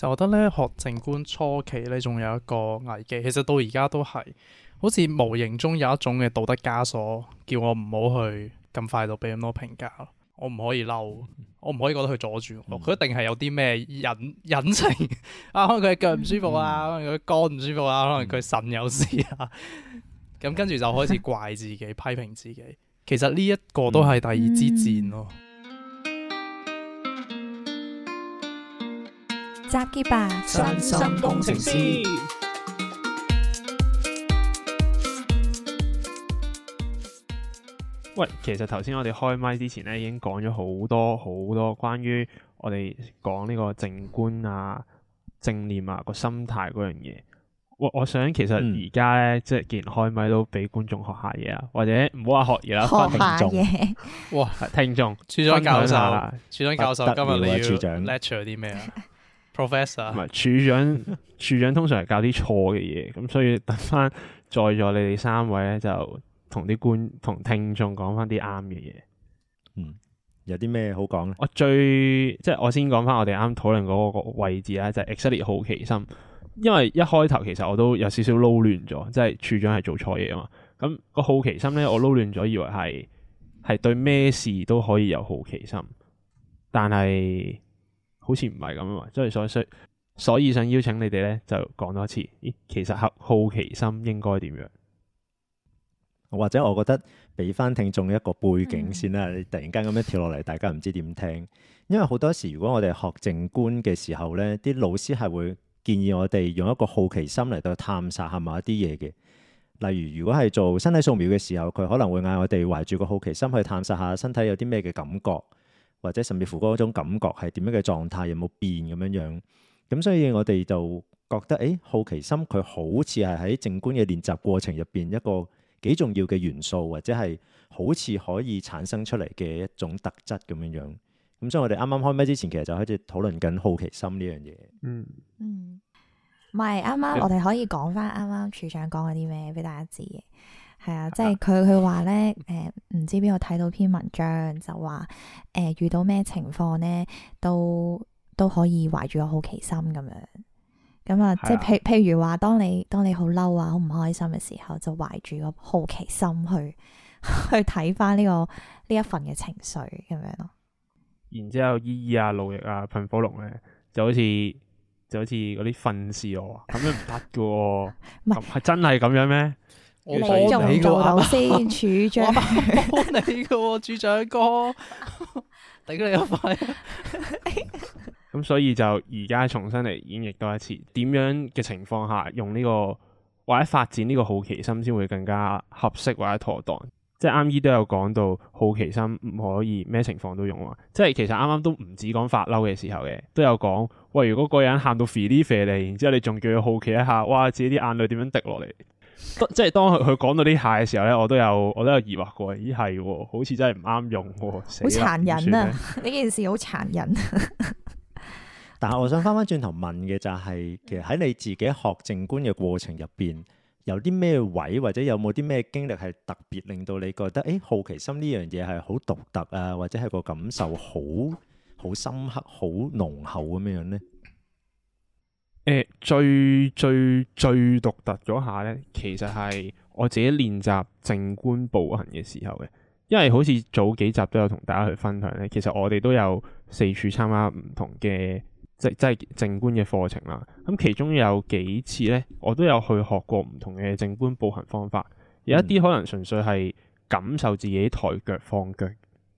就覺得咧學靜觀初期咧仲有一個危機，其實到而家都係好似無形中有一種嘅道德枷鎖，叫我唔好去咁快度俾咁多評價，我唔可以嬲，嗯、我唔可以覺得佢阻住我，佢、嗯、一定係有啲咩隱隱情，可能佢嘅腳唔舒服啊，可能佢肝唔舒服啊、嗯，可能佢腎有事 啊，咁、嗯、 跟住就開始怪自己、批評自己，嗯嗯、其實呢一個都係第二支箭咯。扎結吧，身心工程師。喂，其實頭先我哋開麥之前咧，已經講咗好多好多關於我哋講呢個靜觀啊、正念啊、個心態嗰樣嘢。我我想其實而家咧，嗯、即係既然開麥都俾觀眾學下嘢啊，或者唔好話學而家聽眾哇，聽眾眾，處長教授，處長教授今日，長你要 lecture 啲咩啊？ professor 唔係處長， 處長通常係教啲錯嘅嘢，咁所以等翻在座你哋三位咧，就同啲觀同聽眾講翻啲啱嘅嘢。嗯，有啲咩好講咧？我最即係我先講翻我哋啱討論嗰個位置啦，就係、exactly 好奇心，因為一開頭其實我都有少少撈亂咗，即、就、係、是、處長係做錯嘢啊嘛。咁、那個好奇心咧，我撈亂咗，以為係係對咩事都可以有好奇心，但係。好似唔係咁樣嘛，所以所以所以想邀請你哋咧，就講多次。咦，其實好好奇心應該點樣？或者我覺得俾翻聽眾一個背景先啦。嗯、你突然間咁樣跳落嚟，大家唔知點聽。因為好多時，如果我哋學靜觀嘅時候咧，啲老師係會建議我哋用一個好奇心嚟到探索下某一啲嘢嘅。例如，如果係做身體素描嘅時候，佢可能會嗌我哋懷住個好奇心去探索下身體有啲咩嘅感覺。或者甚至乎嗰種感覺係點樣嘅狀態，有冇變咁樣樣，咁所以我哋就覺得，誒、欸、好奇心佢好似係喺靜觀嘅練習過程入邊一個幾重要嘅元素，或者係好似可以產生出嚟嘅一種特質咁樣樣，咁所以我哋啱啱開咪之前，其實就開始討論緊好奇心呢樣嘢。嗯嗯，唔係啱啱我哋可以講翻啱啱處長講嗰啲咩俾大家知？係啊， 即係佢佢話咧，誒， 唔知邊個睇到篇文章就話，誒、呃，遇到咩情況咧，都都可以懷住個好奇心咁樣，咁、嗯、啊，即係譬譬如話，當你當你好嬲啊，好唔開心嘅時候，就懷住個好奇心去去睇翻呢個呢一份嘅情緒咁樣咯。 然之後伊伊啊、路易啊、噴火龍咧，就好似就好似嗰啲訓斥我，咁樣唔得噶，咁係真係咁樣咩？我幫以你嘅話、啊，我幫你嘅處長哥，頂 你一塊、啊。咁 所以就而家重新嚟演繹多一次，點樣嘅情況下用呢、這個或者發展呢個好奇心先會更加合適或者妥當？即係啱啱都有講到好奇心唔可以咩情況都用，即係其實啱啱都唔止講發嬲嘅時候嘅，都有講喂，如果個人喊到肥啲肥嚟，ili, 然之後你仲叫佢好奇一下，哇，自己啲眼淚點樣滴落嚟？即係當佢佢講到啲蟹嘅時候咧，我都有我都有疑惑過，咦係，好似真係唔啱用，好殘忍啊！呢件事好殘忍。 但係我想翻翻轉頭問嘅就係、是，其實喺你自己學靜觀嘅過程入邊，有啲咩位或者有冇啲咩經歷係特別令到你覺得，誒好奇心呢樣嘢係好獨特啊，或者係個感受好好深刻、好濃厚咁樣樣咧？最最最獨特咗下咧,其實係我自己練習靜觀步行嘅時候嘅，因為好似早幾集都有同大家去分享咧。其實我哋都有四處參加唔同嘅即即係靜觀嘅課程啦。咁其中有幾次咧，我都有去學過唔同嘅靜觀步行方法。有一啲可能純粹係感受自己抬腳放腳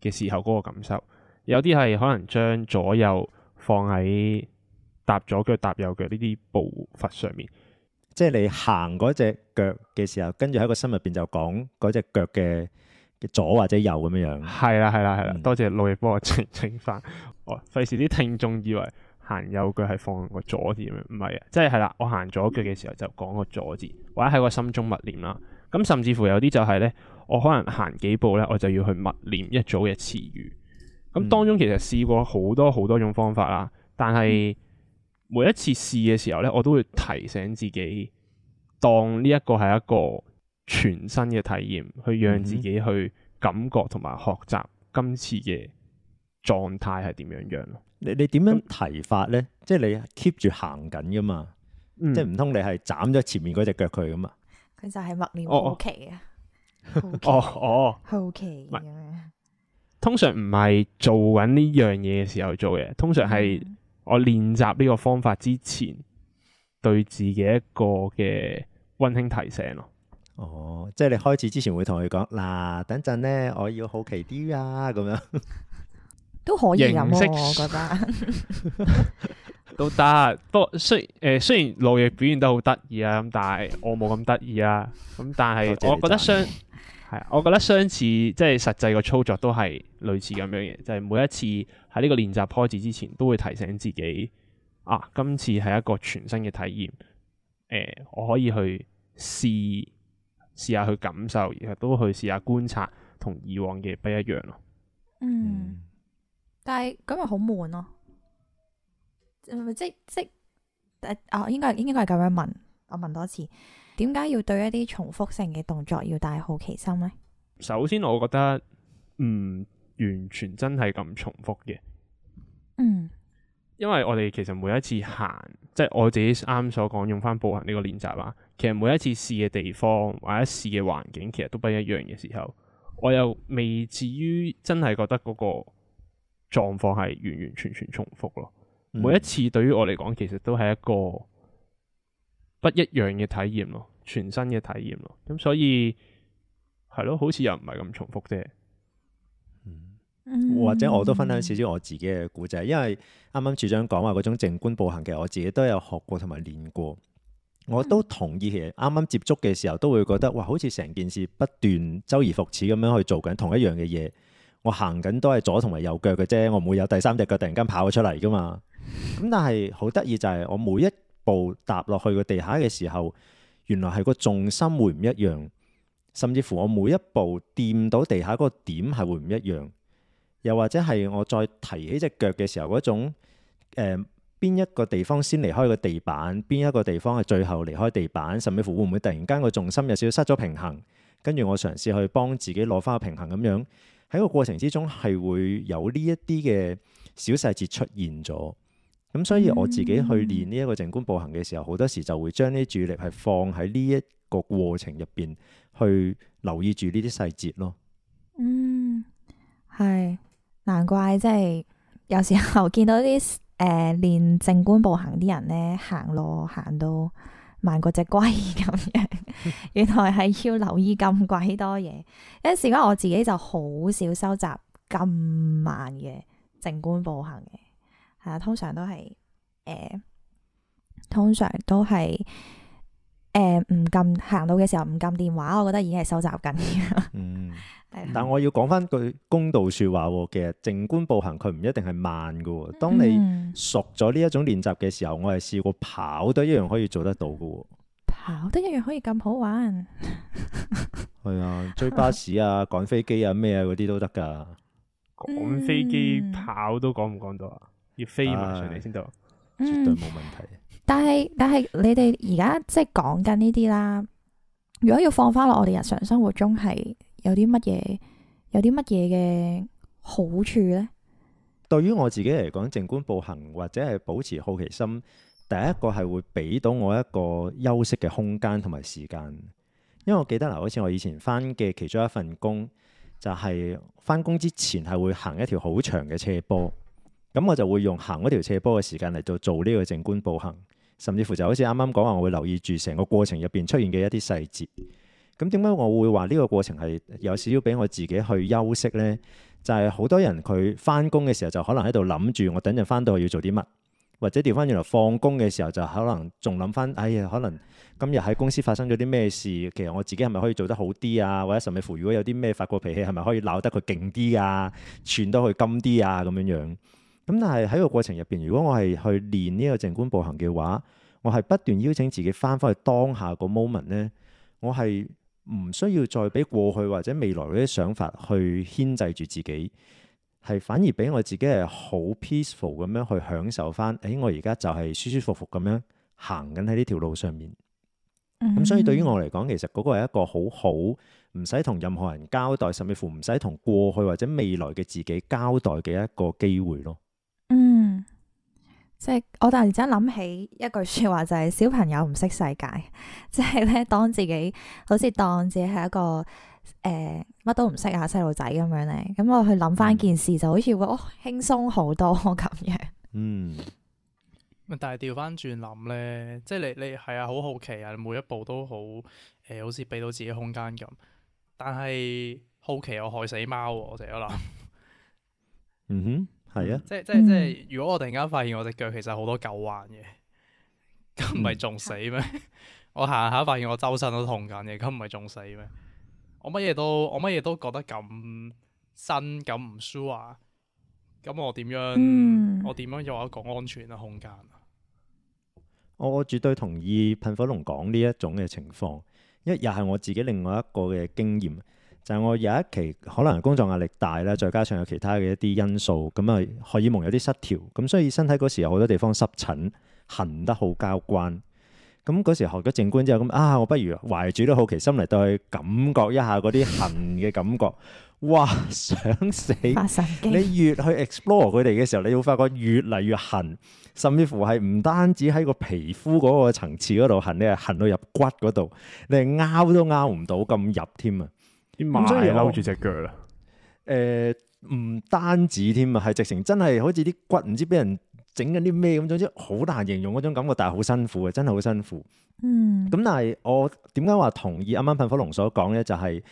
嘅時候嗰個感受，有啲係可能將左右放喺。踏左腳、踏右腳呢啲步伐上面，即係你行嗰隻腳嘅時候，跟住喺個心入邊就講嗰隻腳嘅嘅左或者右咁樣樣。係啦，係 啦，係啦、嗯，多謝魯亦幫我澄清翻。哦，費事啲聽眾以為行右腳係放個左字咁樣，唔係啊，即係係啦。我行左腳嘅時候就講個左字，或者喺個心中默念啦。咁、啊嗯、甚至乎有啲就係咧，我可能行幾步咧，我就要去默念一組嘅詞語。咁、嗯嗯、當中其實試過好多好多,多種方法啦，但係、嗯。每一次試嘅時候咧，我都會提醒自己，當呢一個係一個全新嘅體驗，去讓自己去感覺同埋學習今次嘅狀態係點樣樣咯。你你點樣提法呢？那即係你 keep 住行緊噶嘛？嗯、即係唔通你係斬咗前面嗰隻腳佢噶嘛？佢就係默念好奇啊！哦哦，哦 好奇，通常唔係做緊呢樣嘢嘅時候做嘅，通常係、嗯。我練習呢個方法之前，對自己一個嘅溫馨提醒咯。哦，即係你開始之前會同佢講，嗱，等陣咧我要好奇啲啊，咁樣 都可以咁咯，我覺得 都得。不過雖誒、呃、雖然路易表現得好得意啊，咁但係我冇咁得意啊。咁但係我覺得相。係我覺得相似，即係實際個操作都係類似咁樣嘅，就係、是、每一次喺呢個練習開始之前，都會提醒自己啊，今次係一個全新嘅體驗。誒、呃，我可以去試試下去感受，然後都去試下觀察同以往嘅不一樣咯。嗯，嗯但係咁咪好悶咯、啊？誒咪即即誒啊？應該應該係咁樣問，我問多次。點解要對一啲重複性嘅動作要帶好奇心呢？首先，我覺得唔完全真係咁重複嘅。嗯，因為我哋其實每一次行，即係我自己啱所講，用翻步行呢個練習啊，其實每一次試嘅地方或者試嘅環境，其實都不一樣嘅時候，我又未至於真係覺得嗰個狀況係完完全全重複咯。嗯，每一次對於我嚟講，其實都係一個不一樣嘅體驗咯。全新嘅體驗咯，咁所以係咯，好似又唔係咁重複啫，嗯。或者我都分享少少我自己嘅故仔，嗯、因為啱啱處長講話嗰種靜觀步行嘅，我自己都有學過同埋練過。我都同意，其實啱啱、嗯、接觸嘅時候，都會覺得哇，好似成件事不斷周而復始咁樣去做緊同一樣嘅嘢。我行緊都係左同埋右腳嘅啫，我唔會有第三隻腳突然間跑咗出嚟噶嘛。咁但係好得意就係、是、我每一步踏落去個地下嘅時候。原來係個重心會唔一樣，甚至乎我每一步掂到地下嗰個點係會唔一樣，又或者係我再提起隻腳嘅時候嗰種誒呃、邊一個地方先離開個地板，邊一個地方係最後離開地板，甚至乎會唔會突然間個重心有少少失咗平衡，跟住我嘗試去幫自己攞翻個平衡咁樣，喺個過程之中係會有呢一啲嘅小細節出現咗。咁、嗯、所以我自己去練呢一個靜觀步行嘅時候，好多時就會將啲注意力係放喺呢一個過程入邊，去留意住呢啲細節咯。嗯，係，難怪即係、就是、有時候見到啲誒、呃、練靜觀步行啲人咧，行路行到慢過隻龜咁樣，嗯、 原來係要留意咁鬼多嘢。有陣時我自己就好少收集咁慢嘅靜觀步行嘅。係啊，通常都係誒、呃，通常都係誒，唔、呃、撳行到嘅時候唔撳電話，我覺得已經係收集緊。嗯， 但我要講翻句公道說話，其實靜觀步行佢唔一定係慢噶。當你熟咗呢一種練習嘅時候，嗯、我係試過跑都一樣可以做得到噶。跑都一樣可以咁好玩。係 啊，追巴士啊，趕飛機啊，咩嗰啲都得噶。趕、嗯、飛機跑都趕唔趕到啊？飛埋上嚟先得，啊、絕對冇問題。嗯、但係但係，你哋而家即係講緊呢啲啦。如果要放翻落我哋日常生活中，係有啲乜嘢，有啲乜嘢嘅好處咧？對於我自己嚟講，靜觀步行或者係保持好奇心，第一個係會俾到我一個休息嘅空間同埋時間。因為我記得嗱，好似我以前返嘅其中一份工，就係返工之前係會行一條好長嘅斜坡。咁我就會用行嗰條斜坡嘅時間嚟到做呢個靜觀步行，甚至乎就好似啱啱講話，我會留意住成個過程入邊出現嘅一啲細節。咁點解我會話呢個過程係有少少俾我自己去休息呢？就係、是、好多人佢翻工嘅時候就可能喺度諗住，我等陣翻到去要做啲乜，或者調翻原來放工嘅時候就可能仲諗翻，哎呀，可能今日喺公司發生咗啲咩事，其實我自己係咪可以做得好啲啊？或者甚至乎如果有啲咩發過脾氣，係咪可以鬧得佢勁啲啊，串到佢金啲啊咁樣樣？咁但係喺個過程入邊，如果我係去練呢一個靜觀步行嘅話，我係不斷邀請自己翻返去當下個 moment 呢，我係唔需要再俾過去或者未來嗰啲想法去牽制住自己，係反而俾我自己係好 peaceful 咁樣去享受翻，誒我而家就係舒舒服服咁樣行緊喺呢條路上面。咁、嗯、所以對於我嚟講，其實嗰個係一個好好，唔使同任何人交代，甚至乎唔使同過去或者未來嘅自己交代嘅一個機會咯。即係我突然之間諗起一句說話，就係小朋友唔識世界，即係咧當自己好似當自己係一個誒乜、呃、都唔識啊，細路仔咁樣咧，咁我去諗翻件事就好似會哦，輕鬆好多咁樣。嗯，但係調翻轉諗咧，即係你你係啊好好奇啊，你每一步都好誒、呃，好似俾到自己空間咁，但係好奇我害死貓，我成日都諗。 嗯哼。係啊即、嗯，即係即係即係，如果我突然間發現我隻腳其實好多舊患嘅，咁唔係仲死咩？嗯、 我行下發現我周身都痛緊嘅，咁唔係仲死咩？我乜嘢都我乜嘢都覺得咁新咁唔 sure 啊，咁我點樣？嗯、我點樣有一個安全嘅空間啊？我、嗯、我絕對同意噴火龍講呢一種嘅情況，因為又係我自己另外一個嘅經驗。就係我有一期可能工作壓力大咧，再加上有其他嘅一啲因素，咁啊荷爾蒙有啲失調，咁所以身體嗰時候有好多地方濕疹痕得好交關。咁嗰時學咗靜觀之後，咁啊，我不如懷住啲好奇心嚟對佢感覺一下嗰啲痕嘅感覺。哇！想死，你越去 explore 佢哋嘅時候，你會發覺越嚟越痕，甚至乎係唔單止喺個皮膚嗰個層次嗰度痕，你係痕到入骨嗰度，你係拗都拗唔到咁入添啊！所以又踎住隻腳啦。誒，唔、呃、唔單止添啊，係直情真係好似啲骨唔知俾人整緊啲咩咁，總之好難形容嗰種感覺，但係好辛苦嘅，真係好辛苦。辛苦嗯。咁但係我點解話同意啱啱噴火龍所講咧？就係、是、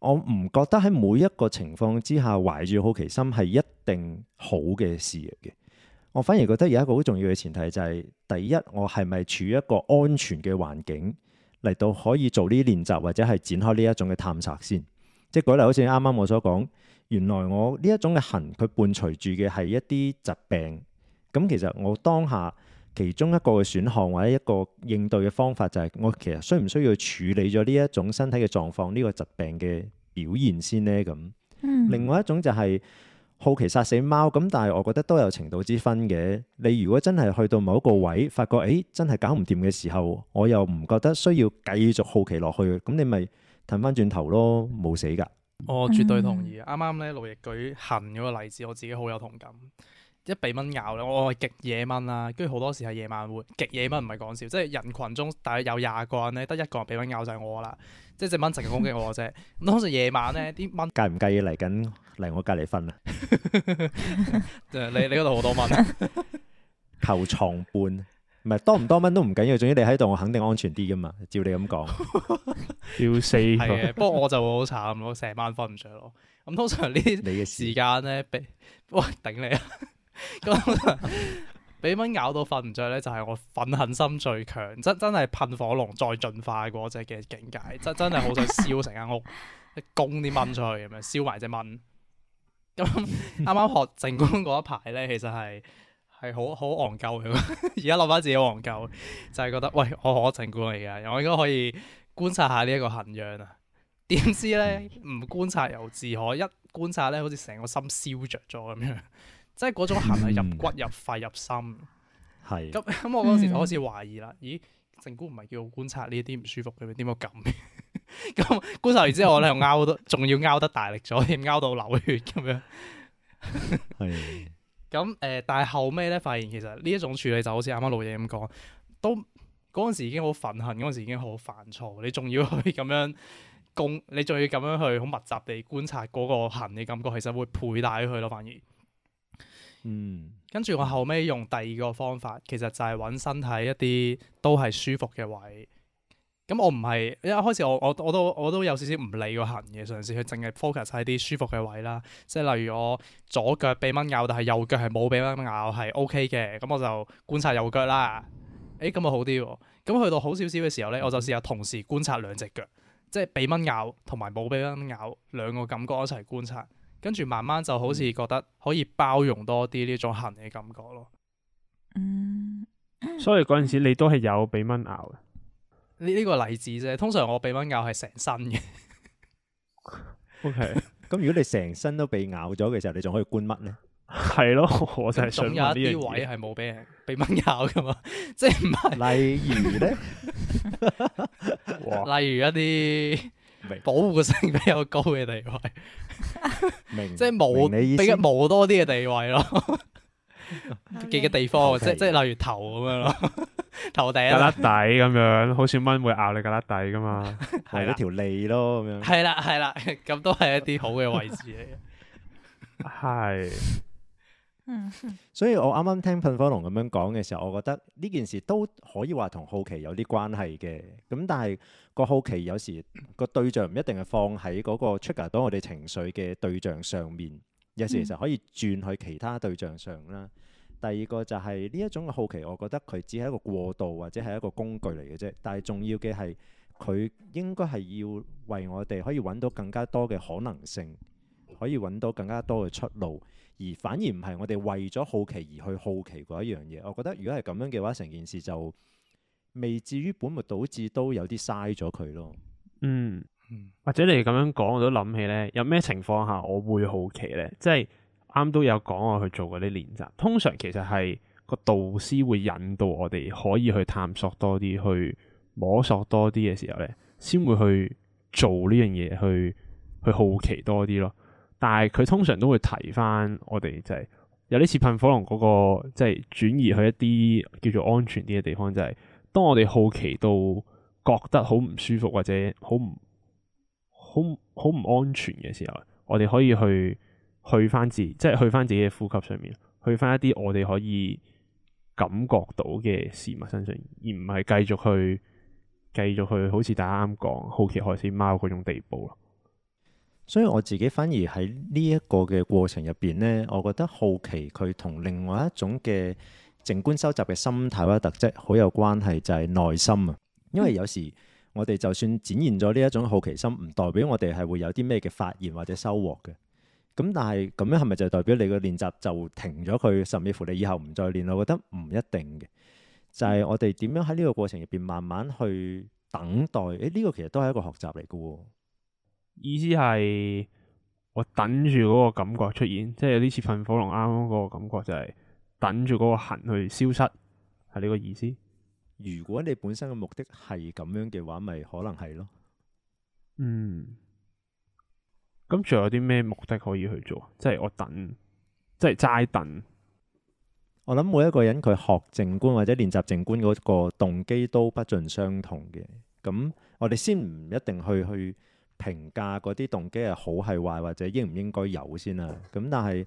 我唔覺得喺每一個情況之下懷住好奇心係一定好嘅事嚟嘅。我反而覺得有一個好重要嘅前提就係、是，第一我係咪處於一個安全嘅環境？嚟到可以做呢啲練習或者係展開呢一種嘅探索先，即係舉例好似啱啱我所講，原來我呢一種嘅痕佢伴隨住嘅係一啲疾病，咁其實我當下其中一個嘅選項或者一個應對嘅方法就係，我其實需唔需要處理咗呢一種身體嘅狀況呢個疾病嘅表現先呢？咁，另外一種就係。好奇殺死貓咁，但係我覺得都有程度之分嘅。你如果真係去到某一個位，發覺誒、欸、真係搞唔掂嘅時候，我又唔覺得需要繼續好奇落去，咁你咪騰返轉頭咯，冇死㗎。嗯、我絕對同意。啱啱咧，魯亦舉行嗰個例子，我自己好有同感，一俾蚊咬咧，我係極夜蚊啦，跟住好多時係夜晚會極夜蚊，唔係講笑，即係人群中，大約有廿個人咧，得一個人俾蚊咬就係我啦，即係隻蚊成日攻擊我啫。咁通常夜晚咧，啲蚊介唔介意嚟緊嚟我隔離瞓啊？你你嗰度好多蚊，求床伴，唔係多唔多蚊都唔緊要，總之你喺度，我肯定安全啲噶嘛。照你咁講，要死。不過我就會好慘咯，成晚瞓唔着咯。咁通常呢啲時間咧，俾喂頂你啊！咁俾蚊咬到瞓唔着咧，就係、是、我憤恨心最強，真真係噴火龍再進化過隻嘅境界，真真係好想燒成間屋，攻啲蚊出去咁樣，燒埋隻蚊。咁啱啱學靜觀嗰一排咧，其實係係好好戇鳩嘅。而家諗翻自己戇鳩，就係、是、覺得喂，我學靜觀嚟嘅，我應該可以觀察下呢一個痕癢啊。點知咧，唔觀察又自可，一觀察咧，好似成個心燒着咗咁樣。即係嗰種痕係入骨 入、入肺、入心，係咁咁。我嗰時就開始懷疑啦，咦、 欸？靜觀唔係叫我觀察呢啲唔舒服嘅咩？點解咁咁觀察完之後，我咧又拗得，仲要拗得大力咗，添，拗到流血咁樣？係咁誒，但係後尾咧發現其實呢一種處理就好似啱啱老嘢咁講，都嗰陣時已經好憤恨，嗰陣時已經好煩躁，你仲要去咁樣攻，你仲要咁樣要去好密集地觀察嗰個痕嘅感覺，其實會佩戴佢咯，反而。嗯、跟住我後尾用第二個方法，其實就係揾身體一啲都係舒服嘅位。咁我唔係一開始，我我我都我都有少少唔理個痕嘅，嘗試去淨係 focus 喺啲舒服嘅位啦。即係例如我左腳被蚊咬，但係右腳係冇被蚊咬，係 OK 嘅。咁我就觀察右腳啦。誒，咁啊好啲，哦。咁去到好少少嘅時候呢，我就試下同時觀察兩隻腳，即係被蚊咬同埋冇被蚊咬兩個感覺一齊觀察。跟住慢慢就好似覺得可以包容多啲呢種痕嘅感覺咯。嗯。所以嗰陣時你都係有被蚊咬嘅。呢呢個例子啫，通常我被蚊咬係成身嘅。O K。咁如果你成身都被咬咗嘅時候，你仲可以觀乜咧？係 咯，我就係想問，總有一啲位係冇俾人被蚊咬嘅嘛，即係唔係？例如咧， 例如一啲，保護性比較高嘅地位，明白 即係冇比較冇多啲嘅地位咯， 幾個地方 Okay. 即係即係例如頭咁樣咯，頭頂啦底咁樣， 樣樣好似蚊會咬你格底噶嘛，係啦條脷咯咁樣，係啦係啦，咁、啊啊、都係一啲好嘅位置嚟嘅，係。 所以我啱啱聽噴火龍咁樣講嘅時候，我覺得呢件事都可以話同好奇有啲關係嘅。咁但係個好奇有時個對象唔一定係放喺嗰個 trigger 到我哋情緒嘅對象上面，有時其實可以轉去其他對象上啦。嗯、第二個就係呢一種嘅好奇，我覺得佢只係一個過渡或者係一個工具嚟嘅啫。但係重要嘅係佢應該係要為我哋可以揾到更加多嘅可能性，可以揾到更加多嘅出路。而反而唔係我哋為咗好奇而去好奇嗰一樣嘢，我覺得如果係咁樣嘅話，成件事就未至於本末倒置，都有啲嘥咗佢咯。嗯，或者你咁樣講我都諗起咧，有咩情況下我會好奇咧？即係啱都有講我去做嗰啲練習，通常其實係個導師會引導我哋可以去探索多啲，去摸索多啲嘅時候咧，先會去做呢樣嘢，去去好奇多啲咯。但係佢通常都會提翻我哋、那個，就係有啲似噴火龍嗰個，即係轉移去一啲叫做安全啲嘅地方，就係、是、當我哋好奇到覺得好唔舒服或者好唔好好唔安全嘅時候，我哋可以去去翻自，即係去翻自己嘅、就是、呼吸上面，去翻一啲我哋可以感覺到嘅事物身上，而唔係繼續去繼續去，續去好似大家啱講好奇害死貓嗰種地步啦。所以我自己反而喺呢一個嘅過程入邊呢，我覺得好奇佢同另外一種嘅靜觀收集嘅心態或者特質好有關係，就係耐心啊。因為有時我哋就算展現咗呢一種好奇心，唔代表我哋係會有啲咩嘅發現或者收穫嘅。咁但係咁樣係咪就代表你個練習就停咗佢，甚至乎你以後唔再練？我覺得唔一定嘅。就係我哋點樣喺呢個過程入邊慢慢去等待。誒呢個其實都係一個學習嚟嘅喎。意思係我等住嗰個感覺出現，即係有啲似瞓火龍啱啱嗰個感覺，就係等住嗰個痕去消失，係呢個意思。如果你本身嘅目的係咁樣嘅話，咪可能係咯。嗯，咁仲有啲咩目的可以去做？即係我等，即係齋等。我諗每一個人佢學靜觀或者練習靜觀嗰個動機都不盡相同嘅。咁我哋先唔一定去去。評價嗰啲動機係好係壞或者應唔應該有先啦。咁但係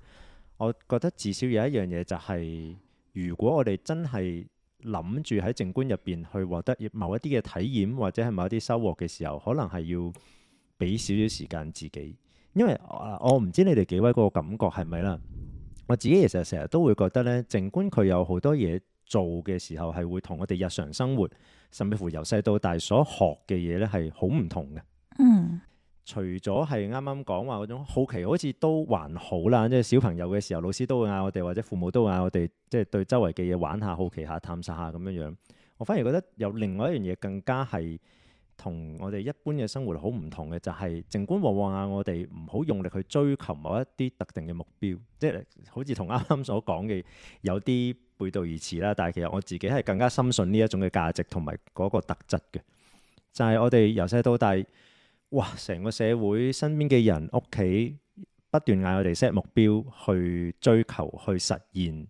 我覺得至少有一樣嘢就係，如果我哋真係諗住喺靜觀入邊去獲得某一啲嘅體驗或者係某一啲收穫嘅時候，可能係要俾少少時間自己。因為啊，我唔知你哋幾位嗰個感覺係咪啦？我自己其實成日都會覺得咧，靜觀佢有好多嘢做嘅時候係會同我哋日常生活甚至乎由細到大所學嘅嘢咧係好唔同嘅。嗯，除咗係啱啱講話嗰種好奇，好似都還好啦。即係小朋友嘅時候，老師都會嗌我哋，或者父母都會嗌我哋，即係對周圍嘅嘢玩下、好奇下、探索下咁樣樣。我反而覺得有另外一樣嘢更加係同我哋一般嘅生活好唔同嘅，就係靜觀往往嗌我哋唔好用力去追求某一啲特定嘅目標，即係好似同啱啱所講嘅有啲背道而馳啦。但係其實我自己係更加深信呢一種嘅價值同埋嗰個特質嘅，就係我哋由細到大。哇！成個社會身邊嘅人、屋企不斷嗌我哋 set 目標去追求，去實現，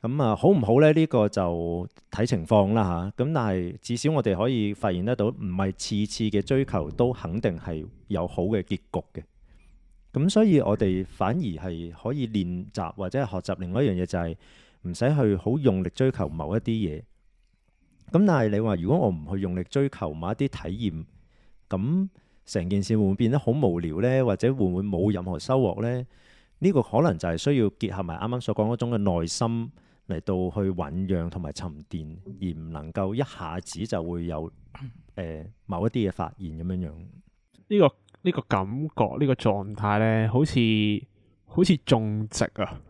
咁、嗯、啊好唔好呢？呢、呢個就睇情況啦嚇。咁、啊、但係至少我哋可以發現得到，唔係次次嘅追求都肯定係有好嘅結局嘅。咁、嗯、所以我哋反而係可以練習或者係學習另外一樣嘢，就係唔使去好用力追求某一啲嘢。咁、嗯、但係你話如果我唔去用力追求某一啲體驗，咁、嗯？成件事會唔會變得好無聊呢？或者會唔會冇任何收穫呢？呢、呢個可能就係需要結合埋啱啱所講嗰種嘅耐心嚟到去醖釀同埋沉澱，而唔能夠一下子就會有、呃、某一啲嘅發現咁樣樣。呢、呢個呢、呢個感覺呢、呢個狀態呢，好似好似種植啊！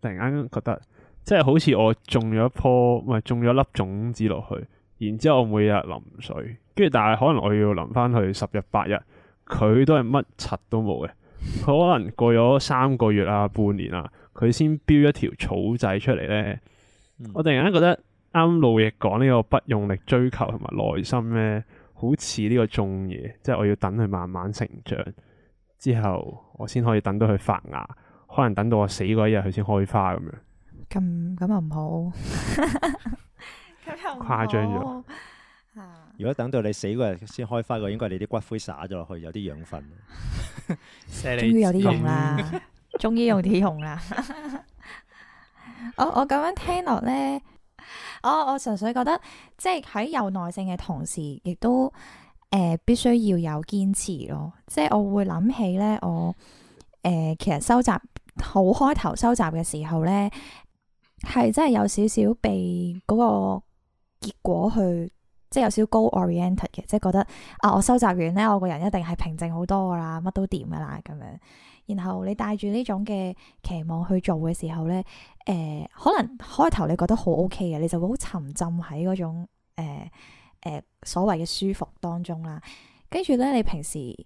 突然間覺得，即係好似我種咗一棵，唔、呃、係種咗粒種子落去。然之後我每日淋水，跟住但係可能我要淋翻去十日八日，佢都係乜柒都冇嘅。可能過咗三個月啊、半年啊，佢先飚一條草仔出嚟咧。我突然間覺得啱路易講呢個不用力追求同埋耐心咧，好似呢個種嘢，即係我要等佢慢慢成長之後，我先可以等到佢發芽。可能等到我死嗰一日，佢先開花咁、嗯、樣。咁咁又唔好。 誇張咗。如果等到你死嗰日先開花嘅，應該係你啲骨灰撒咗落去，有啲養分。終 於有啲用啦，終於 用啲用啦。 我我咁樣聽落咧，我我純粹覺得，即係喺有耐性嘅同時，亦都誒、呃，必須要有堅持咯。即係我會諗起咧，我誒、呃，其實收集好開頭收集嘅時候咧，係真係有少少被嗰、那個。結果去即係有少少 goal oriented 嘅，即係覺得啊，我收集完呢，我個人一定係平靜好多噶啦，乜都掂噶啦咁樣。然後你帶住呢種嘅期望去做嘅時候呢，誒、呃，可能開頭你覺得好 ok 嘅，你就會好沉浸喺嗰種誒誒、呃呃、所謂嘅舒服當中啦。跟住呢，你平時誒、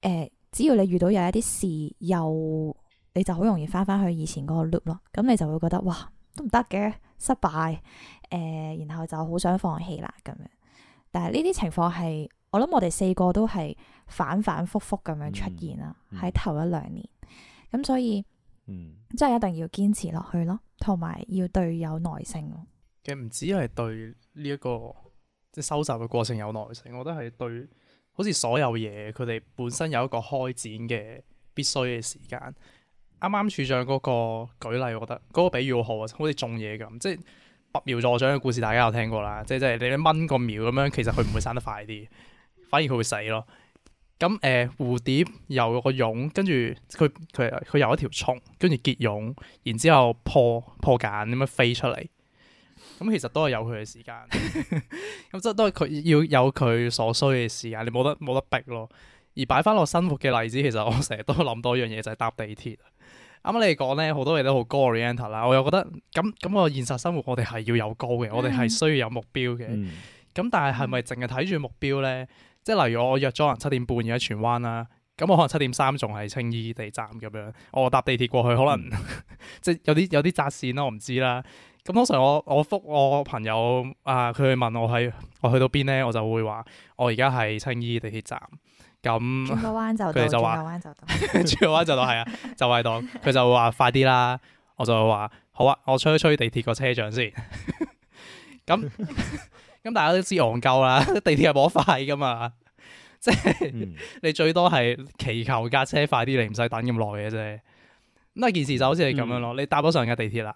呃，只要你遇到有一啲事，又你就好容易翻翻去以前嗰個 loop 咯。咁你就會覺得哇，都唔得嘅。失敗，誒、呃，然後就好想放棄啦，咁樣。但係呢啲情況係，我諗我哋四個都係反反复复咁樣出現啦，喺、嗯嗯、頭一兩年。咁所以，嗯，即係一定要堅持落去咯，同埋要對有耐性囉。其實唔止係對呢一個即係收集嘅過程有耐性，我覺得係對，好似所有嘢，佢哋本身有一個開展嘅必須嘅時間。啱啱處長嗰個舉例，我覺得嗰個比喻好好啊，好似種嘢咁，即係拔苗助長嘅故事，大家有聽過啦。即係即係你掹個苗咁樣，其實佢唔會生得快啲，反而佢會死咯。咁誒、呃、蝴蝶有個蛹，跟住佢佢佢由一條蟲，跟住結蛹，然之後破破繭咁樣飛出嚟。咁其實都係有佢嘅時間，咁即係都係佢要有佢所需嘅時間，你冇得冇得逼咯。而擺翻落生活嘅例子，其實我成日都諗到一樣嘢，就係、是、搭地鐵。啱啱你講咧，好多嘢都好高 reality 啦。我又覺得咁咁，我、那個、現實生活我哋係要有高嘅，嗯、我哋係需要有目標嘅。咁、嗯、但係係咪淨係睇住目標咧？即係例如我約咗人七點半，而家荃灣啦，咁我可能七點三仲係青衣地站咁樣，我搭地鐵過去可能、嗯、 即係有啲有啲紮線啦，我唔知啦。咁通常我我復我朋友啊，佢、呃、去問我係我去到邊咧，我就會話我而家係青衣地鐵站。咁轉個彎就到，轉個彎就到，轉個彎就到係 啊，就係、是、到、啊。佢 就話快啲啦，我就話好啊，我吹一吹地鐵個車長先。咁咁大家都知昂鳩啦，地鐵係冇得快噶嘛，即係你最多係祈求架車快啲你唔使等咁耐嘅啫。咁啊件事就好似係咁樣咯，嗯、 你搭咗上架地鐵啦。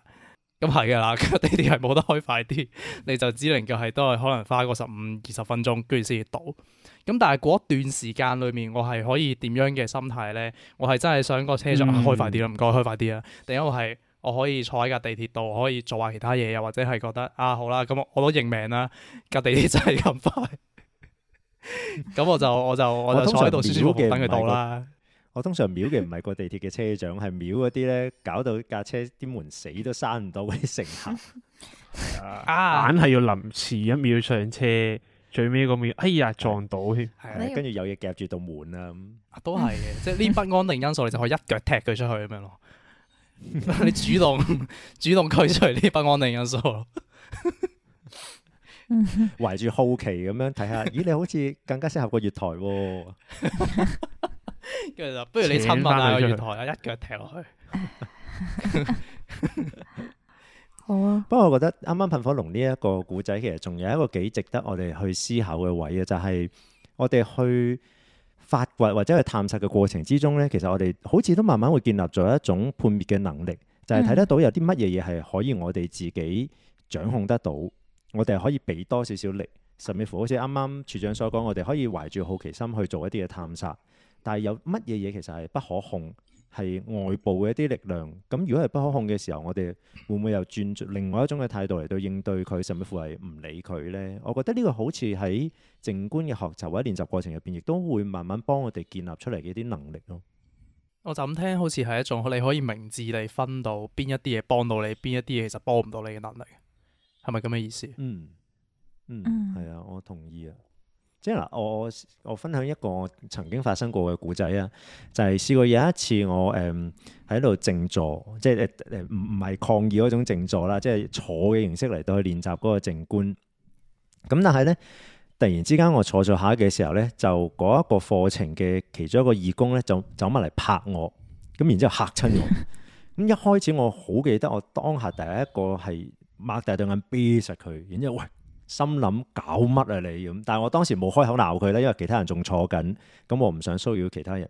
咁係噶啦，嗯、 地鐵係冇得開快啲，你就只能夠係都係可能花個十五二十分鐘，跟住先至到。咁、嗯、但係嗰段時間裏面，我係可以點樣嘅心態咧？我係真係想個車廂開快啲啦，唔該、嗯、開快啲啦。定一個係我可以坐喺架地鐵度，可以做下其他嘢，又或者係覺得啊好啦，咁我，我都認命啦，架地鐵真係咁快。咁 我就我就我就，哇就坐喺度舒舒服服等佢到啦。是我通常秒嘅唔係個地鐵嘅車長，係 秒嗰啲咧，搞到架車啲門死都閂唔到嗰啲乘客，硬係、 啊、要臨時一秒上車，最尾嗰秒，哎呀撞到、啊啊、跟住有嘢夾住道門啦都係嘅，即係呢不安定因素，你就可以一腳踢佢出去咁樣咯。 嗯、 你主動主動拒除呢不安定因素咯。懷 住 好奇咁樣睇下，咦，咦你好似更加適合個月台喎。 其實 不如你親吻啊，月台啊，一腳踢落去 好啊。 不過我覺得啱啱噴火龍呢一個古仔，其實仲有一個幾值得我哋去思考嘅位嘅，就係、是、我哋去發掘或者去探索嘅過程之中咧。其實我哋好似都慢慢會建立咗一種判別嘅能力，就係、是、睇得到有啲乜嘢嘢係可以我哋自己掌控得到，嗯、我哋可以俾多少少力，甚至乎好似啱啱處長所講，我哋可以懷住好奇心去做一啲嘅探索。但係有乜嘢嘢其實係不可控，係外部嘅一啲力量。咁如果係不可控嘅時候，我哋會唔會又轉另外一種嘅態度嚟到應對佢，甚至乎係唔理佢呢？我覺得呢個好似喺靜觀嘅學習或者練習過程入邊，亦都會慢慢幫我哋建立出嚟嘅一啲能力咯。我就咁聽，好似係一種你可以明智地分到邊一啲嘢幫到你，邊一啲嘢其實幫唔到你嘅能力，係咪咁嘅意思？嗯嗯，係、嗯嗯、啊，我同意啊。即係嗱，我我分享一個曾經發生過嘅故仔啊，就係、是、試過有一次我誒喺度靜坐，即係誒誒唔唔係抗議嗰種靜坐啦，即係坐嘅形式嚟到去練習嗰個靜觀。咁但係咧，突然之間我坐咗下嘅時候咧，就嗰一個課程嘅其中一個義工咧，就走埋嚟拍我，咁然之後嚇親我。咁 一開始我好記得我當下第一個係擘大對眼啤實佢，然之後喂。心諗搞乜啊你咁，但係我當時冇開口鬧佢咧，因為其他人仲坐緊，咁我唔想騷擾其他人。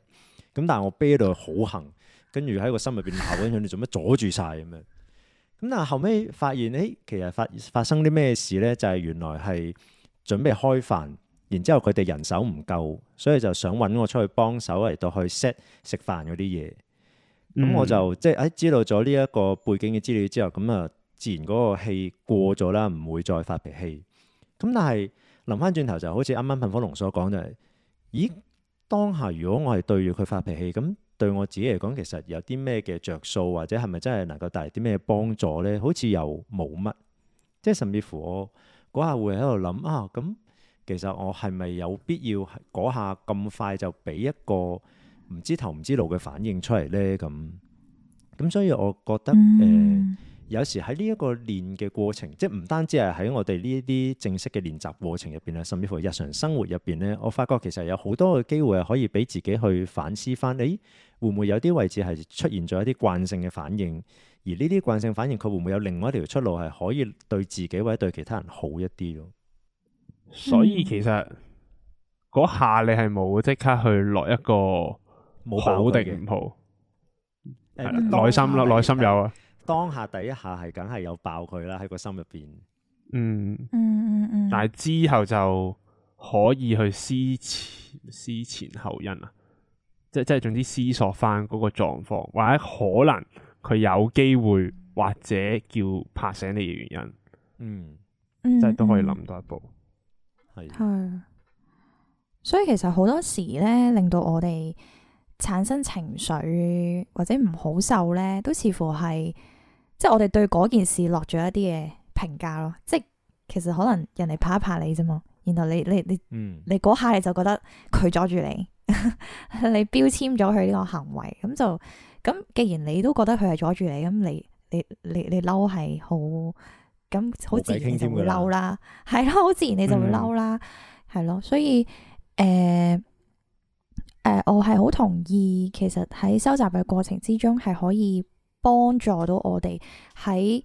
咁但係我啤到好痕，跟住喺個心入邊鬧，跟住你做乜阻住晒咁樣。咁但係後尾發現，誒，其實發發生啲咩事咧？就係、是、原來係準備開飯，然之後佢哋人手唔夠，所以就想揾我出去幫手嚟到去 set 食飯嗰啲嘢。咁、嗯嗯、我就即係誒，知道咗呢一個背景嘅資料之後，咁啊。自然嗰個氣過咗啦，唔會再發脾氣。咁但係，諗返轉頭就好似啱啱噴火龍所講就係：咦，當下如果我係對住佢發脾氣，咁對我自己嚟講，其實有啲咩嘅着數，或者係咪真係能夠帶嚟啲咩幫助咧？好似又冇乜，即係甚至乎我嗰下會喺度諗啊。咁其實我係咪有必要嗰下咁快就俾一個唔知頭唔知路嘅反應出嚟咧？咁咁，所以我覺得誒。嗯有時喺呢一個練嘅過程，即係唔單止係喺我哋呢一啲正式嘅練習過程入邊咧，甚至乎日常生活入邊咧，我發覺其實有好多嘅機會係可以俾自己去反思翻，誒、欸、會唔會有啲位置係出現咗一啲慣性嘅反應，而呢啲慣性反應佢會唔會有另外一條出路係可以對自己或者對其他人好一啲咯？所以其實嗰下你係冇即刻去落一個冇定警號，內心咯，的內心有啊。當下第一下係梗係有爆佢啦，喺個心入邊，嗯嗯。嗯嗯嗯嗯。但係之後就可以去思前思前後因啊，即即係總之思索翻嗰個狀況，或者可能佢有機會或者叫拍醒你嘅原因。嗯，嗯即係都可以諗多一步。係、嗯。係、嗯的。所以其實好多時咧，令到我哋產生情緒或者唔好受咧，都似乎係。即係我哋對嗰件事落咗一啲嘅評價咯，即係其實可能人哋拍一拍你啫嘛，然後你你你你嗰下你就覺得佢阻住你，嗯、 你標籤咗佢呢個行為，咁就咁既然你都覺得佢係阻住你，咁你你你你嬲係好咁好自然就會嬲啦，係咯，好自然你就會嬲啦，係咯、嗯，所以誒誒、呃呃、我係好同意，其實喺收集嘅過程之中係可以。幫助到我哋喺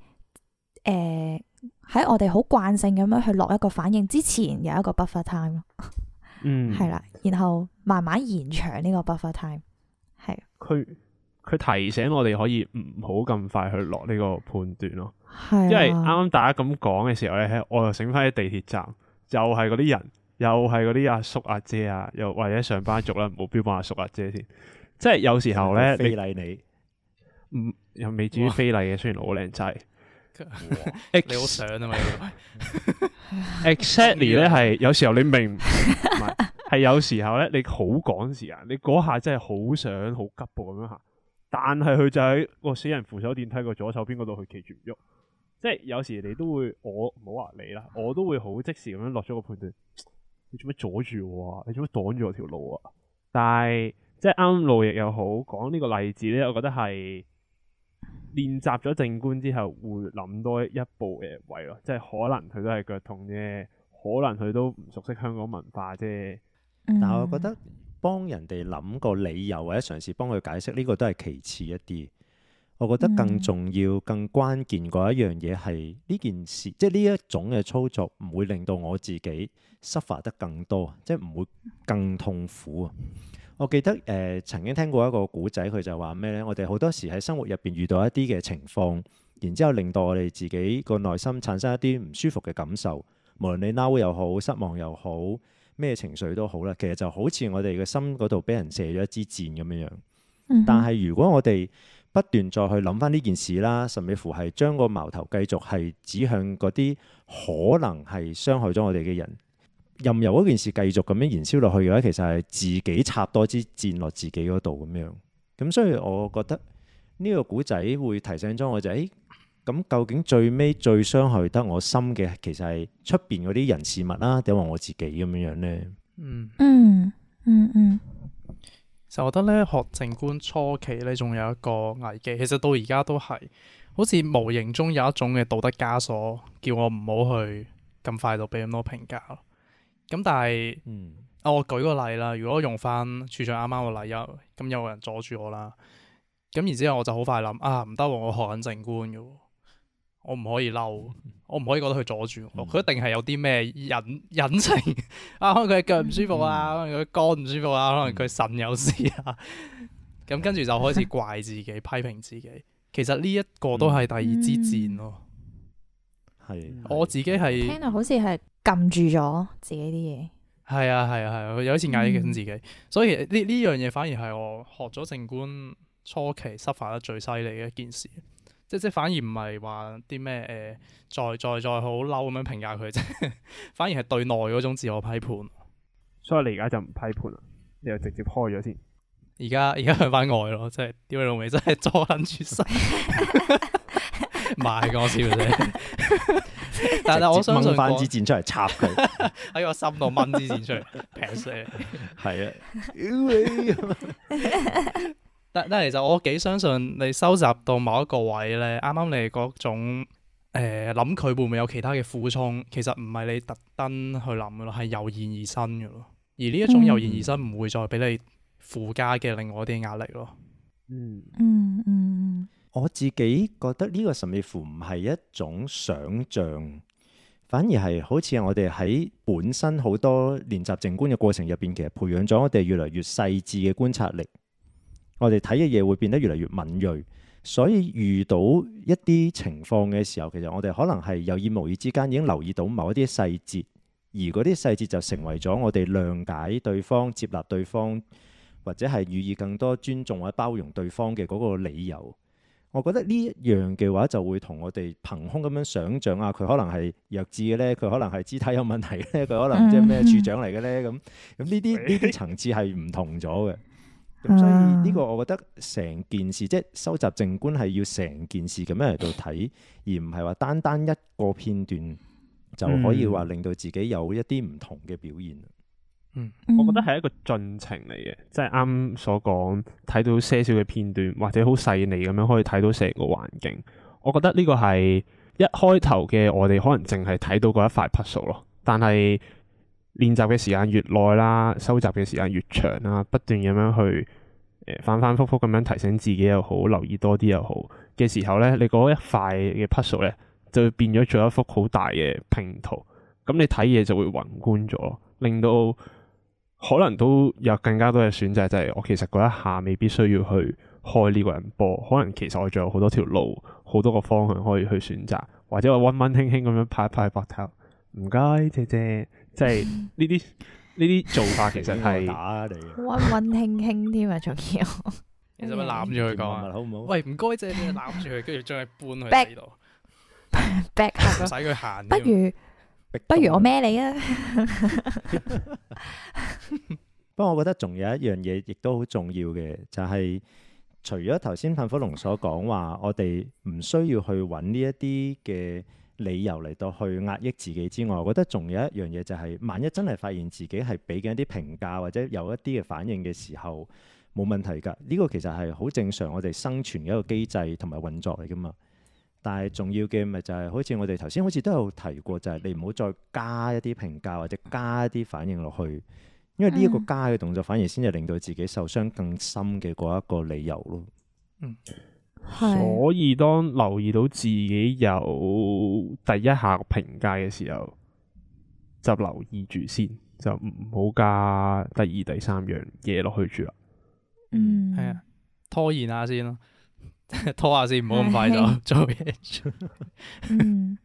誒喺我哋好慣性咁樣去落一個反應之前，有一個 buffer time， 嗯，係啦，然後慢慢延長呢個 buffer time，係佢佢提醒我哋可以唔好咁快去落呢個判斷咯，係的，因為啱啱大家咁講嘅時候咧，我又醒翻喺地鐵站，又係嗰啲人，又係嗰啲阿叔阿姐啊，又或者上班族啦，冇 標榜阿叔阿姐先，即係有時候咧，你唔～你又未至於非禮嘅，雖然我好靚仔，你好想啊嘛！exactly 咧係有時候你明，係有時候咧你好趕時間，你嗰下真係好想好急步咁樣行，但係佢就喺個死人扶手電梯個左手邊嗰度，佢企住唔喐。即係有時你都會我唔好話你啦，我都會好即時咁樣落咗個判斷，你做咩阻住我啊？你做咩擋住我條路啊？但係即係啱路亦又好講呢個例子咧，我覺得係。練習咗靜觀之後，會諗多一步嘅位咯，即係可能佢都係腳痛啫，可能佢都唔熟悉香港文化啫。嗯、但係我覺得幫人哋諗個理由或者嘗試幫佢解釋，呢、這個都係其次一啲。我覺得更重要、嗯、更關鍵嗰一樣嘢係呢件事，即係呢一種嘅操作唔會令到我自己 suffer 得更多，即係唔會更痛苦啊。我記得誒、呃、曾經聽過一個古仔，佢就話咩呢？我哋好多時喺生活入邊遇到一啲嘅情況，然之後令到我哋自己個內心產生一啲唔舒服嘅感受，無論你嬲又好、失望又好，咩情緒都好啦。其實就好似我哋嘅心嗰度俾人射咗一支箭咁樣樣。嗯、哼但係如果我哋不斷再去諗翻呢件事啦，甚至乎係將個矛頭繼續係指向嗰啲可能係傷害咗我哋嘅人。任由嗰件事繼續咁樣燃燒落去嘅話，其實係自己插多支箭落自己嗰度咁樣。咁所以我覺得呢個古仔會提醒咗我就係，哎，咁究竟最尾最傷害得我心嘅，其實係出邊嗰啲人事物啦，定係我自己咁樣樣咧？嗯嗯嗯嗯。其實我覺得咧，學靜觀初期咧，仲有一個危機。其實到而家都係，好似無形中有一種嘅道德枷鎖，叫我唔好去咁快度俾咁多評價。咁但係、嗯哦，我舉個例啦。如果用翻處長啱啱個例，有咁有人阻住我啦。咁然之後我就好快諗，啊唔得喎，我學緊靜觀嘅，我唔可以嬲，嗯、我唔可以覺得佢阻住我。佢、嗯、一定係有啲咩隱隱情 可、嗯可，可能佢腳唔舒服啊，可能佢肝唔舒服啊，可能佢腎有事啊。咁、 嗯、 跟住就開始怪自己、批評自己。其實呢一個都係第二支箭咯。嗯嗯係我自己係聽到好似係撳住咗自己啲嘢。係啊係啊係啊，佢有一次嗌緊自己，所以呢呢樣嘢反而係我學咗靜觀初期失敗得最犀利嘅一件事。即即反而唔係話啲咩誒再再再好嬲咁樣評價佢，即反而係對內嗰種自我批判。所以你而家就唔批判啦，你就直接開咗先。而家而家去翻外咯，即係屌你老味真係阻撚住晒。賣個 My 笑啫， 但係我相信掹翻支箭出嚟插佢喺個心度，掹支箭出嚟，劈死，係啊。但但係其實我幾相信你收集到某一個位咧，啱啱你嗰種誒諗佢會唔會有其他嘅苦衷，其實唔係你特登去諗噶咯，係油然而生嘅咯。而呢一種油然而生，唔會再俾你附加嘅另外一啲壓力咯。嗯嗯嗯。嗯我自己覺得呢個甚至乎唔係一種想像，反而係好似我哋喺本身好多練習靜觀嘅過程入邊，其實培養咗我哋越嚟越細緻嘅觀察力。我哋睇嘅嘢會變得越嚟越敏銳，所以遇到一啲情況嘅時候，其實我哋可能係有意無意之間已經留意到某一啲細節，而嗰啲細節就成為咗我哋諒解對方、接納對方，或者係予以更多尊重或者包容對方嘅嗰個理由。我覺得呢一樣嘅話，就會同我哋憑空咁樣想象啊！佢可能係弱智嘅咧，佢可能係肢體有問題咧，佢可能即係咩處長嚟嘅咧咁。咁呢啲呢啲層次係唔同咗嘅。咁所以呢個我覺得成件事，即係收集靜觀係要成件事咁樣嚟到睇，而唔係話單單一個片段就可以話令到自己有一啲唔同嘅表現。嗯、我覺得係一個進程嚟嘅，即係啱所講，睇到些少嘅片段或者好細膩咁樣，可以睇到成個環境。我覺得呢個係一開頭嘅，我哋可能淨係睇到嗰一塊 puzzle 咯。但係練習嘅時間越耐啦，收集嘅時間越長啦，不斷咁樣去、呃、反反复复咁樣提醒自己又好，留意多啲又好嘅時候呢，你嗰一塊嘅 puzzle 呢，就變咗做一幅好大嘅拼圖。咁你睇嘢就會宏觀咗，令到。可能都有更加多嘅選擇，就係、是、我其實嗰一下未必需要去開呢個人播，可能其實我仲有好多條路，好多個方向可以去選擇，或者我溫溫馨輕咁樣拍一拍膊頭，唔該，姐姐，即係呢啲呢啲做法其實係溫溫馨輕添啊，仲 要你使唔使攬住佢講啊，好唔好？喂，唔該，借你攬住佢，跟住將佢搬去呢度，back，唔使佢行， 面 不如不如我孭你啊！ 不過 我覺得仲有一樣嘢，亦都好重要嘅，就係除咗頭先噴火龍所講話，我哋唔需要去揾呢一啲嘅理由嚟到去壓抑自己之外，我覺得仲有一樣嘢就係，萬一真係發現自己係俾緊一啲評價或者有一啲嘅反應嘅時候，冇問題噶，呢個其實係好正常，我哋生存嘅一個機制同埋運作嚟噶嘛。但係重要嘅咪就係，好似我哋頭先好似都有提過，就係你唔好再加一啲評價或者加一啲反應落去。因為呢一個加嘅動作，反而先至令到自己受傷更深嘅嗰一個理由咯。嗯，係。所以當留意到自己有第一下評價嘅時候，就留意住先，就唔好加第二、第三樣嘢落去住啦。嗯，係啊，拖延下先咯， 拖下先，唔好咁快就嘿做嘢。 嗯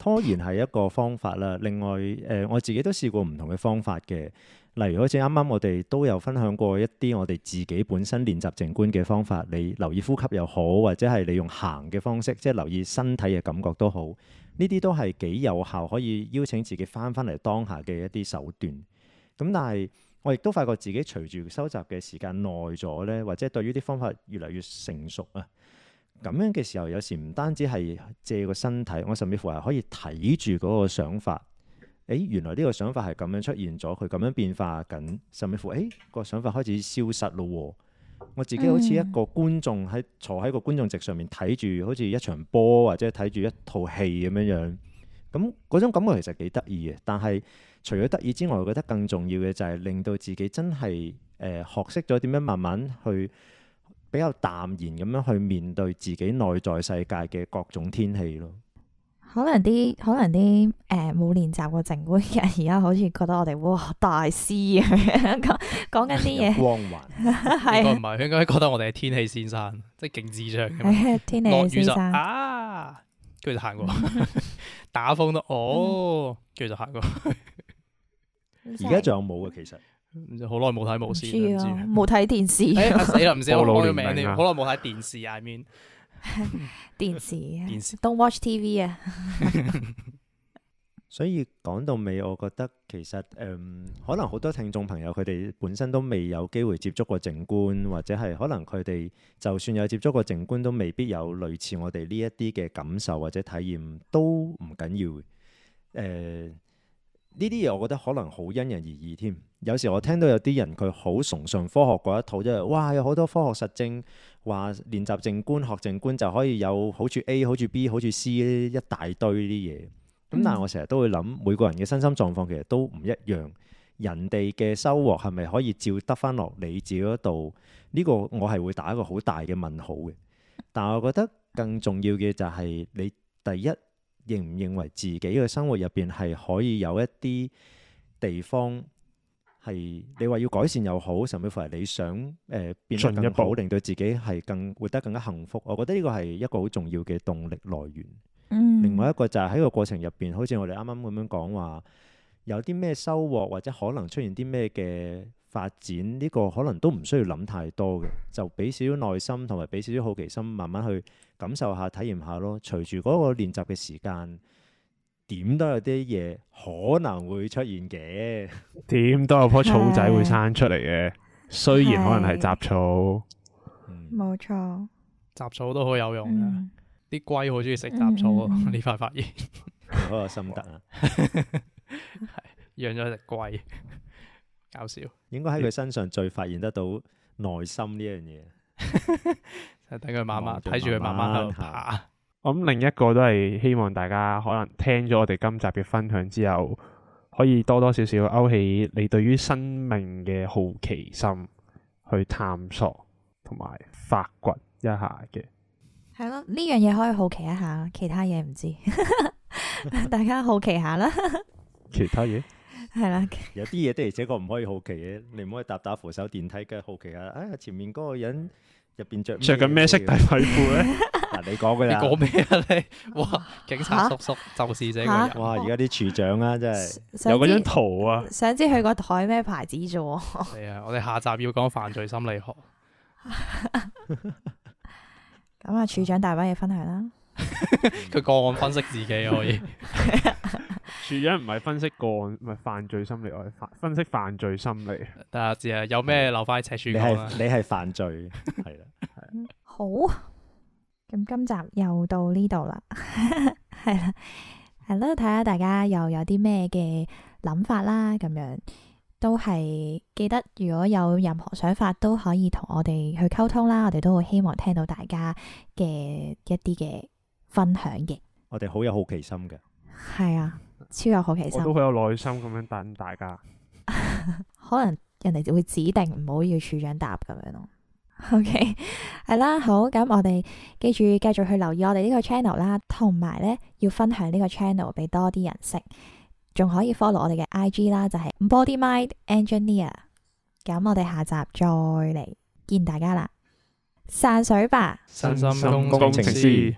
拖延係一個方法啦。另外，誒、呃、我自己都試過唔同嘅方法嘅，例如好似啱啱我哋都有分享過一啲我哋自己本身練習靜觀嘅方法。你留意呼吸又好，或者係你用行嘅方式，即係留意身體嘅感覺都好。呢啲都係幾有效，可以邀請自己返返嚟當下嘅一啲手段。咁但係我亦都發覺自己隨住收集嘅時間耐咗咧，或者對於啲方法越嚟越成熟啊。咁樣嘅時候，有時唔單止係借個身體，我甚至乎係可以睇住嗰個想法。誒，原來呢個想法係咁樣出現咗，佢咁樣變化緊，甚至乎誒、個想法開始消失咯。我自己好似一個觀眾喺坐喺個觀眾席上面睇住，好似一場波或者睇住一套戲咁樣樣。咁、嗯、嗰種感覺其實幾得意嘅。但係除咗得意之外，我覺得更重要嘅就係令到自己真係誒、呃、學識咗點樣慢慢去，比較淡然咁樣去面對自己內在世界嘅各種天氣咯。可能啲可能啲誒冇練習過靜觀嘅人，而家好似覺得我哋哇大師啊，講講緊啲嘢光環 是。 應該唔係，應該覺得我哋係天氣先生，即係勁自薦 天氣先生，落雨就啊，跟住就行過。嗯、 打風都哦，跟住就行過。而家仲有冇嘅其實？ 好耐冇睇無綫，冇睇電視， 哎、死啦！唔知好耐冇睇電視啊！I mean 電、啊、電視，電視，Don't watch TV 啊！ 所以講到尾，我覺得其實誒、嗯，可能好多聽眾朋友佢哋本身都未有機會接觸過靜觀，或者係可能佢哋就算有接觸過靜觀，都未必有類似我哋呢一啲嘅感受或者體驗，都唔緊要誒。呃呃呢啲嘢我覺得可能好因人而異添。有時我聽到有啲人佢好崇尚科學嗰一套，就係，就係哇有好多科學實證話練習靜觀學靜觀就可以有好處 A、好處 B、好處 C 一大堆啲嘢。咁但係我成日都會諗，每個人嘅身心狀況其實都唔一樣，人哋嘅收穫係咪可以照得翻落你自己嗰度？呢、呢個我係會打一個好大嘅問號嘅。但係我覺得更重要嘅就係你第一。認唔認為自己嘅生活入邊係可以有一啲地方係你話要改善又好，甚至乎係你想誒、呃、變得更好，令到自己係更活得更加幸福？我覺得呢個係一個好重要嘅動力來源。嗯，另外一個就係喺個過程入邊，好似我哋啱啱咁樣講話，有啲咩收穫或者可能出現啲咩嘅？發展呢個可能都唔需要諗太多嘅，就俾少少耐心同埋俾少少好奇心，慢慢去感受下、體驗下咯。隨住嗰個練習嘅時間，點都有啲嘢可能會出現嘅，點都有棵草仔會生出嚟嘅。的雖然可能係雜草，冇、嗯、錯，雜草都好有用嘅。啲龜好中意食雜草啊！呢、嗯嗯、塊髮型，嗰個 心得啊，養咗 隻龜。搞笑，應該喺佢身上最發現得到內心呢樣嘢，就等佢慢慢睇住佢慢慢諗下、 嗯。咁另一個都係希望大家可能聽咗我哋今集嘅分享之後，可以多多少少勾起你對於生命嘅好奇心，去探索同埋發掘一下嘅、啊。係咯，呢樣嘢可以好奇一下，其他嘢唔知， 大家好奇下啦。 其他嘢。係啦，有啲嘢的而且確唔可以好奇嘅，你唔可以搭打扶手電梯嘅好奇啊！啊，前面嗰個人入邊着着緊咩色底褲咧？嗱，你講嘅啦，你講咩啊你？哇，警察叔叔就係這個人。哇，而家啲處長啊，真係有嗰張圖啊，想知佢個台咩牌子啫？係啊，我哋下集要講犯罪心理學。咁啊，處長大把嘢分享啦。佢個案分析自己可以。原因唔係分析個，唔係犯罪心理，我係分析犯罪心理。大家知啊，有咩留翻喺赤柱 你係犯罪，係啦，係好，咁今集又到呢度啦，係 啦，係咯。睇下大家又有啲咩嘅諗法啦，咁樣都係記得。如果有任何想法，都可以同我哋去溝通啦。我哋都好希望聽到大家嘅一啲嘅分享嘅。我哋好有好奇心嘅，係啊。超有好奇心，我都好有耐心咁樣等大家。 可能人哋就會指定唔好要，要處長答咁樣咯。O K 係啦，好，咁，我哋記住繼續去留意我哋呢個 channel 啦，同埋咧要分享呢個 channel 俾多啲人識，仲可以 follow 我哋嘅 I G 啦，就係、是、Body Mind Engineer。咁我哋下集再嚟見大家啦，散水吧，身心工程師。